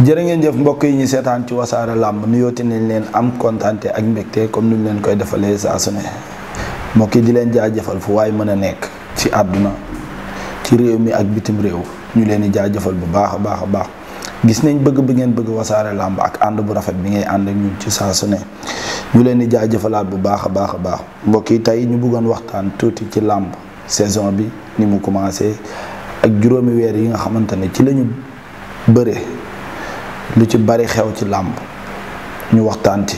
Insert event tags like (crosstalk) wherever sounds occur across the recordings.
jërë ngeen jëf mbokk yi ñu seetaan ci wasaare làmb nuyooti nañ leen am kontaante ak mbégte comme nu ñu leen koy defalee saa su mbokk yi di leen jëfal fu waaye mën a nekk ci àdduna ci réew mi ak bitim réew ñu leen di jaajëfal bu baax a baax a baax gis nañ bëgg bi ngeen bëgg wasaare làmb ak ànd bu rafet bi ngay ànd ak ñu ci saa su ne ñu leen di jëfalaat bu baax a baax a baax mbokk yi tey ñu bëggoon waxtaan tuuti ci làmb saison bi ni mu commencé ak juróomi weer yi nga xamante ne ci lañu bëre lu ci bari xew ci làmb ñu waxtaan ci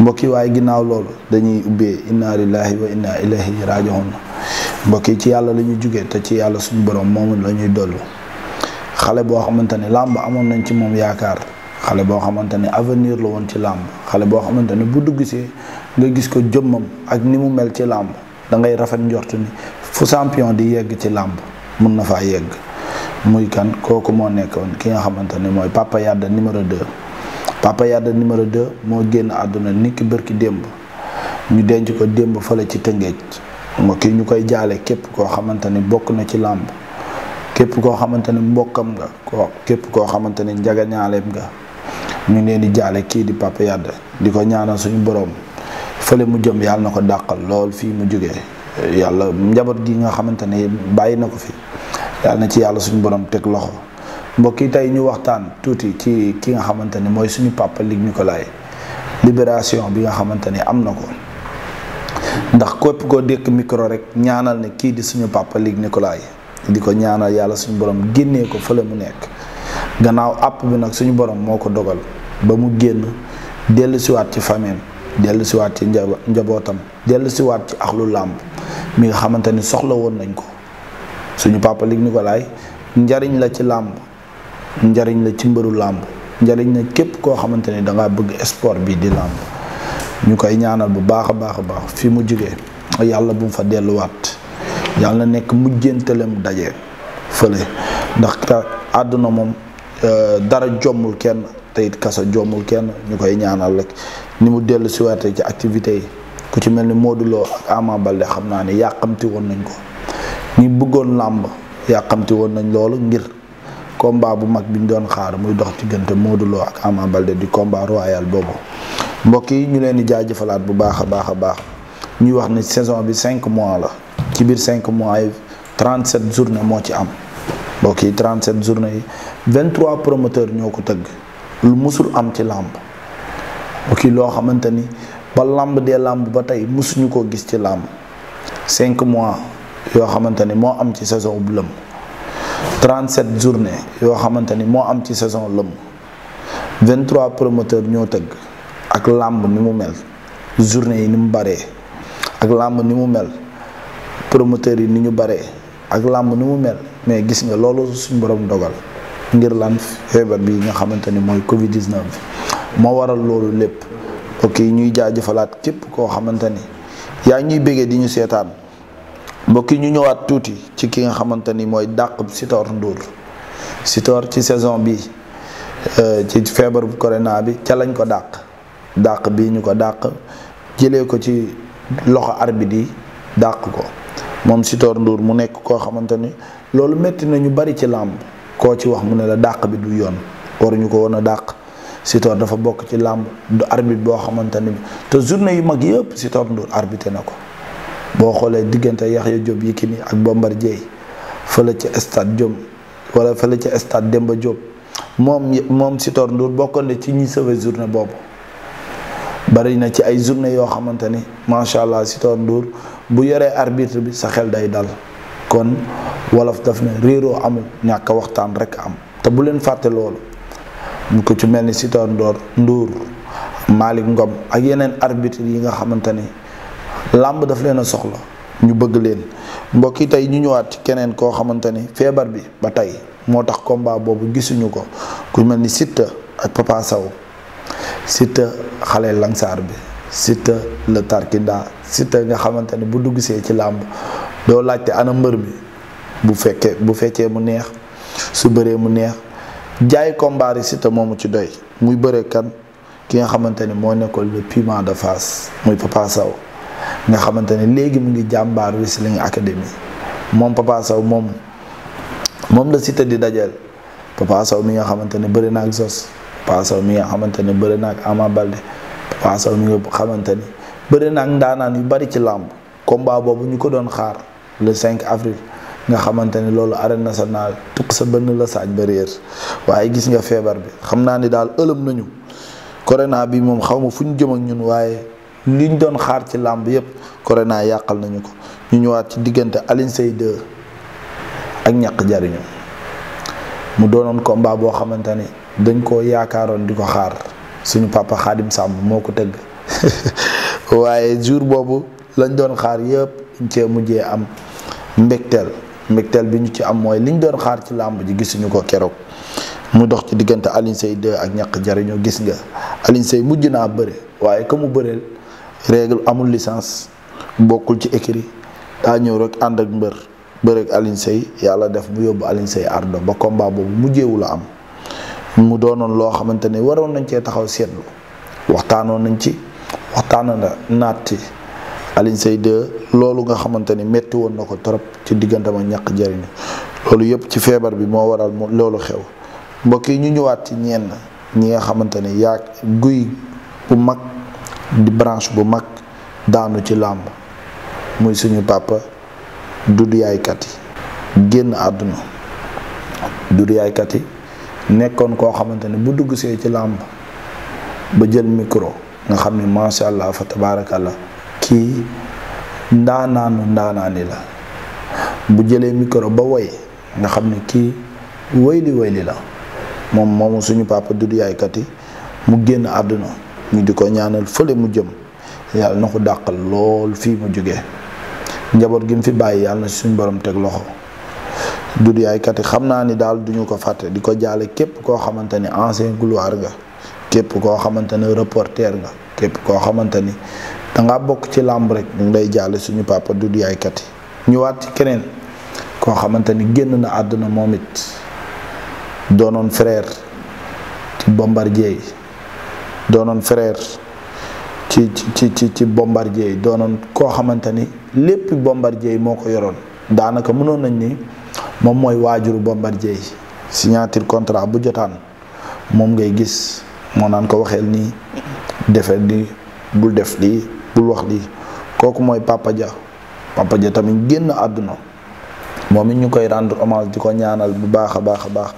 mbokk yi waaye ginnaaw loolu dañuy ubbee inna lillahi wa inna ilayhi rajiun mbokk yi ci yàlla lañuy jóge te ci yàlla suñu borom moomu la ñuy dollu xale boo xamante ne làmb amoon nañ ci moom yaakaar xale boo xamante ne avenir la woon ci làmb xale boo xamante ne bu dugg see nga gis ko jëmmam ak ni mu mel ci làmb dangay rafet njort ni fu champion di yegg ci làmb mun na faa yegg. muy kan kooku moo nekkoon ki nga xamante ne mooy Papa Yada numéro 2 Papa Yada numéro 2 moo génn àdduna nit ki bërki démb ñu denc ko démb fële ci Tëngéej moo ki ñu koy jaale képp koo xamante ni bokk na ci làmb képp koo xamante ni mbokkam nga képp koo xamante ni njagañaaleem nga ñu leen di jaale kii di Papa Yada di ko ñaanal suñu boroom fële mu jëm yàlla na ko dàqal lool fii mu jógee yàlla njaboot gi nga xamante ne bàyyi na ko fii yàlla na ci yàlla suñu borom teg loxo mbokk yi tey ñu waxtaan tuuti ci ki nga xamante ni mooy suñu papa Luc Nicolaï libération bi nga xamante ni am na ko ndax képp koo dékk micro rek ñaanal ne kii di suñu papa Luc Nicolaï di ko ñaanal yàlla suñu borom génnee ko fële mu nekk gannaaw àpp bi nag suñu borom moo ko dogal ba mu génn dellusiwaat ci famille dellusiwaat ci njabootam dellusiwaat ci axlu làmp mi nga xamante ni soxla woon nañ ko suñu papa Luc Nicolaï njariñ la ci làmb njariñ la ci mbëru làmb njariñ la képp koo xamante ni dangaa bëgg sport bii di làmb ñu koy ñaanal bu baax a baax a baax fi mu jógee yàlla bu mu fa delluwaat yàlla na nekk mujjéntalem daje fële ndax àdduna moom euh, dara jommul kenn te it kasa jommul kenn ñu koy ñaanal rek ni mu dellu si ci activités yi ku ci mel ni Modou Lo ak Ama Baldé xam naa ne yàqamti woon nañ ko ñi bëggoon làmb yàqamti woon nañ loolu ngir combat bu mag bi ñu doon xaar muy dox diggante Modou Lo ak Ama Baldé di combat royal boobu mbokk yi ñu leen di jëfalaat bu baax a baax a baax ñuy wax ne saison bi cinq mois la ci biir cinq mois yi 37 journée moo ci am mbokk yi 37 journée yi 23 promoteurs ñoo ko tëgg lu musul am ci làmb mbokk loo xamante ni ba làmb dee làmb ba tey musuñu ko gis ci làmb cinq mois yoo xamante ni moo am ci saison bu lëmm 37 journée yoo xamante ni moo am ci saison lëmm 23 promoteurs ñoo tëgg ak làmb ni mu mel journée yi ni mu baree ak làmb ni mu mel promoteurs yi ni ñu baree ak làmb ni mu mel mais gis nga loolu suñ borom dogal ngir lan feebar bi nga xamante ni mooy Covid 19 moo waral loolu lépp ok ñuy jaajëfalaat képp koo xamante ni yaa ñuy bëggee di ñu seetaan. mbokki ñu ñëwaat tuuti ci ki nga xamante ni mooy dàq Sitor Ndour Sitor ci saison bi euh, ci feebaru bu bi ca lañ ko dàq dàq bi ñu ko dàq jëlee ko ci loxo arbitre yi dàq ko moom Sitor nduur mu nekk koo xamante ni loolu métti na ñu bari ci làmb koo ci wax mu ne la dàq bi du yoon waruñu ko woon a dàq Sitor dafa bokk ci làmb du arbitre boo xamante ni te journée yu mag yëpp Sitor Ndour arbitre na ko boo xoolee diggante Yaxya Diop Yékini ak bombar Bombardier fële ci stade Diop wala fële ci stade Demba Diop moom moom Sitor Ndour bokkoon na ci ñu sauvé journée boobu bari na ci ay journée yoo xamante ni macha allah Sitor Ndour bu yoree arbitre bi sa xel day dal kon wolof daf ne réeroo amul ñàkk waxtaan rek am te bu leen fàtte loolu ñu ko ci mel ni Sitor Ndour nduur Malick Ngom ak yeneen arbitre yi nga xamante ni. làmb daf leen soxla ñu bëgg leen mbokk yi tey ñu ñëwaat keneen koo xamante ni feebar bi ba tey moo tax combat boobu gisuñu ko ku mel ni Siteu ak Papa Sow xale langsaar bi Siteu le tarkinda Siteu nga xamante ni bu see ci làmb doo laajte ana mbër bi bu fekkee bu feccee mu neex su bëree mu neex jaay combat yi Siteu moomu ci doy muy bëre kan ki nga xamante ni moo nekkoon le piment de face muy Papa nga xamante ne léegi mu ngi jàmbaar Wrestling Academy moom Papa Sow moom moom la Siteu di dajeel Papa Sow mi nga xamante ne bëri na ak Zos Papa Sow mi nga xamante ne bëri na ak Ama Balde Papa Sow mi nga xamante ni bëri na ndaanaan yu bari ci làmb combat boobu ñu ko doon xaar le 5 avril nga xamante ni loolu arène nationale tukk sa bënn la saaj ba réer waaye gis nga feebar bi xam naa ni daal ëlëm nañu corona bi moom xaw ma fu ñu jëm ak ñun waaye. liñ doon xaar ci làmb yépp corona yàqal nañu ko ñu ñëwaat ci diggante Alioune Seye 2 ak ñàkk jariñu mu doonoon combat boo xamante ni dañ koo yaakaaroon di ko xaar suñu papa Xaadim Samb moo ko tëgg (laughs) waaye jour boobu lañ doon xaar yépp ñu mujjee am mbégteel mbégteel bi ñu ci am mooy liñ doon xaar ci làmb ji gisuñu ko keroog mu dox ci diggante Alioune Seye 2 ak ñàkk jariñu gis nga Alioune Seye mujj naa bëre waaye ka mu bëreel règle amul licence bokkul ci écrit daa ñëw rek ànd ak mbër bërek Alioune Seye yàlla def mu yóbbu Alioune Seye ardo ba combat boobu mujjeewu la am mu doonoon loo xamante ne waroon nañ cee taxaw seetlu waxtaanoon nañ ci waxtaana na naat ci Alioune loolu nga xamante ni metti woon na ko trop ci diggante ma ñàkk jariñu loolu yëpp ci feebar bi moo waral loolu xew mbokk yi ñu ñëwaat ci ñenn ñi nga xamante ni yaa guy bu mag di branche bu mag daanu ci làmb muy suñu papa Doudou Yaye génn àdduna Doudou Yaye nekkoon koo xamante ne bu dugg see ci làmb ba jël micro nga xam ni macha allah fa tabaarakallah kii ndaanaanu ndaanaani la bu jëlee micro ba woy nga xam ni kii woyli woyli la moom moomu suñu papa Doudou Yaye mu génn àdduna ñu di ko ñaanal fële mu jëm yàlla na ko dàqal lool fii mu jógee njaboot gi mu fi bàyyi yàlla na suñ borom teg loxo dudu yaay kat xam naa ni daal duñu ko fàtte di ko jaale képp koo xamante ni ancien gloire nga képp koo xamante ne reporter nga képp koo xamante ni danga bokk ci làmb rek ñu ngi lay jaale suñu papa dudu yaay kat yi ñëwaat ci keneen koo xamante ni génn na àdduna moom it doonoon frère ci bombardier yi doonoon frère ci ci ci ci bombardier doonoon koo xamante ni lépp bombardier yi moo ko yoroon daanaka mënoon nañ ni moom mooy waajuru bombardier yi signature contrat bu jotaan moom ngay gis moo naan ko waxeel nii defeel nii bul def lii bul wax lii kooku mooy Papa Dia Papa Dia tamit génn àdduna moom it ñu koy rendre hommage di ko ñaanal bu baax a baax a baax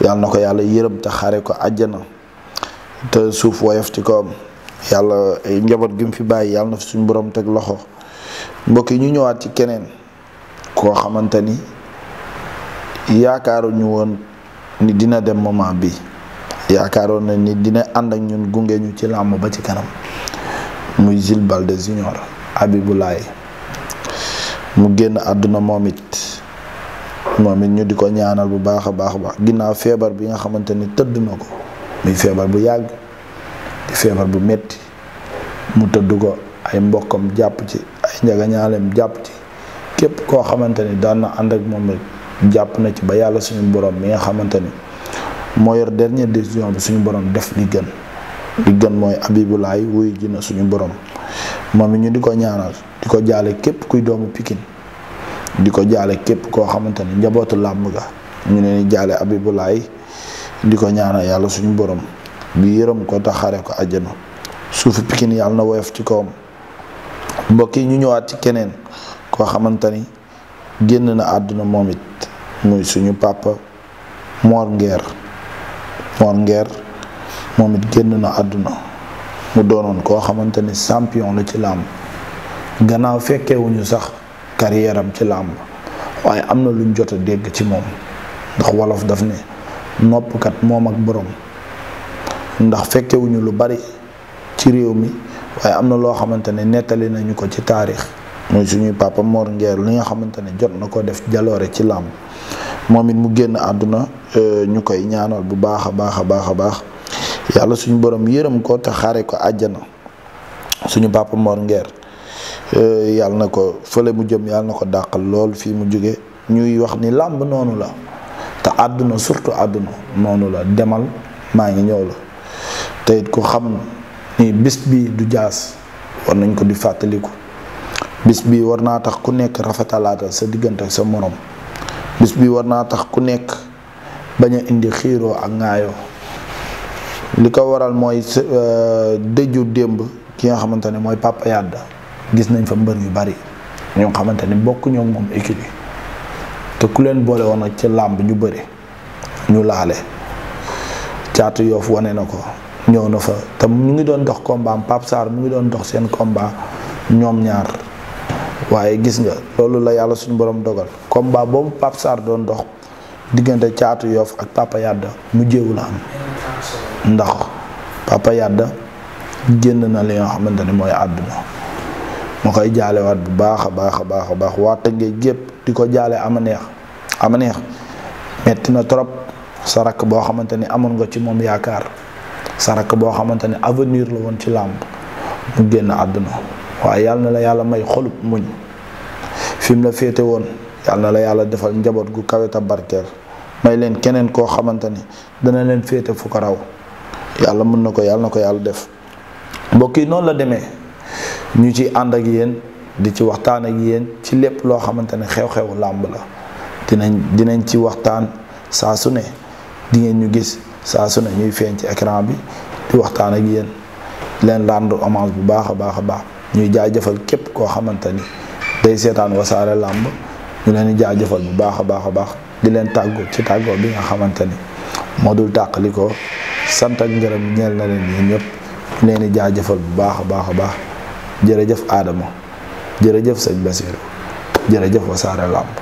yàlla na ko yàlla yërëm te xare ko àjjana te suuf woyof ci kawam yàlla njaboot gi mu fi bàyyi yàlla na fi suñu borom teg loxo mbokk yi ñu ñëwaat ci keneen koo xamante ni ñu woon ni dina dem moment bi yaakaaroon na ni dina ànd ak ñun gunge ñu ci làmb ba ci kanam muy Jules Baldé Junior Abibulaay mu génn àdduna moom it moom it ñu di ko ñaanal bu baax a baax a baax ginnaaw feebar bi nga xamante ni tëdd na ko muy feebar bu yàgg di feebar bu metti mu tëdd ko ay mbokkam jàpp ci ay njagañaaleem jàpp ci képp koo xamante ni daan na ànd ak moom rek jàpp na ci ba yàlla suñu borom mi nga xamante ni moo yor dernière décision bi suñu borom def li gën li gën mooy abibulaay wuy ji na suñu borom moom it ñu di ko ñaanal di ko jaale képp kuy doomu pikin di ko jaale képp koo xamante ni njabootu làmb ga ñu ne ni jaale abibulaay di ko ñaanal yàlla suñu borom bi yërëm ko taxare ko àjjana suufu Pikine yàlla na woyof ci kawam mbokk yi ñu ñëwaat ci keneen koo xamante ni génn na àdduna moom it muy suñu papa Mor Nguer Mor Nguer moom it génn na àdduna mu doonoon koo xamante ni champion la ci làmb gannaaw fekkewuñu sax carrière ci làmb waaye am na luñ jot a dégg ci moom ndax wolof daf ne noppkat moom ak borom ndax fekkewuñu lu bari ci réew mi waaye am na loo xamante ne nettali nañu ko ci taarix mooy suñuy papa moor Ngeer li nga xamante ne jot na ko def jaloore ci làmb moom it mu génn àdduna euh, ñu koy ñaanal bu baax a baax a baax a baax yàlla suñu borom yërëm ko te xaare ko àjjana suñu papa Mor Ngeer euh, yàlla na ko fële mu jëm yàlla na ko dàqal lool fi mu jóge ñuy wax ni làmb noonu la te àdduna surtout àdduna noonu la demal maa ngi ñëw la te it ku xam ni bis bi du jaas war nañ ko di fàttaliku bis bi war naa tax ku nekk rafetalaatal sa diggante ak sa moroom bis bi war naa tax ku nekk bañ a indi xiiroo ak ŋaayoo li ko waral mooy se euh, dëju démb ki nga xamante ne mooy Papa Yada gis nañ fa mbër yu bari ñoo xamante ne bokk ñoo moom équipe te ku leen boole woon nag ca làmb ñu bëre ñu laale caatu yoof wane na ko ñëw na fa te ñu ngi doon dox combat am mu ngi doon dox seen combat ñoom ñaar waaye gis nga loolu la yàlla suñu boroom dogal combat boobu Pape doon dox diggante caatu yoof ak Papa Yadda mu jéewu la am ndax Papa Yadda génn na li nga xamante ni mooy àdduna ma koy jaalewaat bu baax a baax baax a baax waa Tëngéej gépp di ko jaale ama neex ama neex metti na trop sa rakk boo xamante ni amoon nga ci moom yaakaar sa rakk boo xamante ni avenir la woon ci làmp mu génn àdduna waaye yàlla na la yàlla may xolub muñ fi mu la féete woon yàlla la yàlla defal njaboot gu kaweta barkeel may leen keneen koo xamante ni dana leen féete fu ko raw yàlla mën na ko yàlla na ko yàlla def mbokk yi noonu la demee ñu ci ànd ak yéen di ci waxtaan ak yéen ci lépp loo xamante ne xew-xewu làmb la dinañ dinañ ci waxtaan saa su ne di ngeen ñu gis saa su ne ñuy feeñ ci écran bi di waxtaan ak yéen leen rendre hommage bu baax a baax a baax ñuy jaajëfal képp koo xamante ni day seetaan wasaare làmb ñu leen di jaajëfal bu baax a baax a baax di leen tàggoo ci tàggoo bi nga xamante ni moo dul tàqalikoo sant ak ngërëm ñeel na ñëpp ñu di jaajëfal bu baax a baax a baax jërëjëf aadama jërëjëf sëñ Basiru jërëjëf Wassare Lamb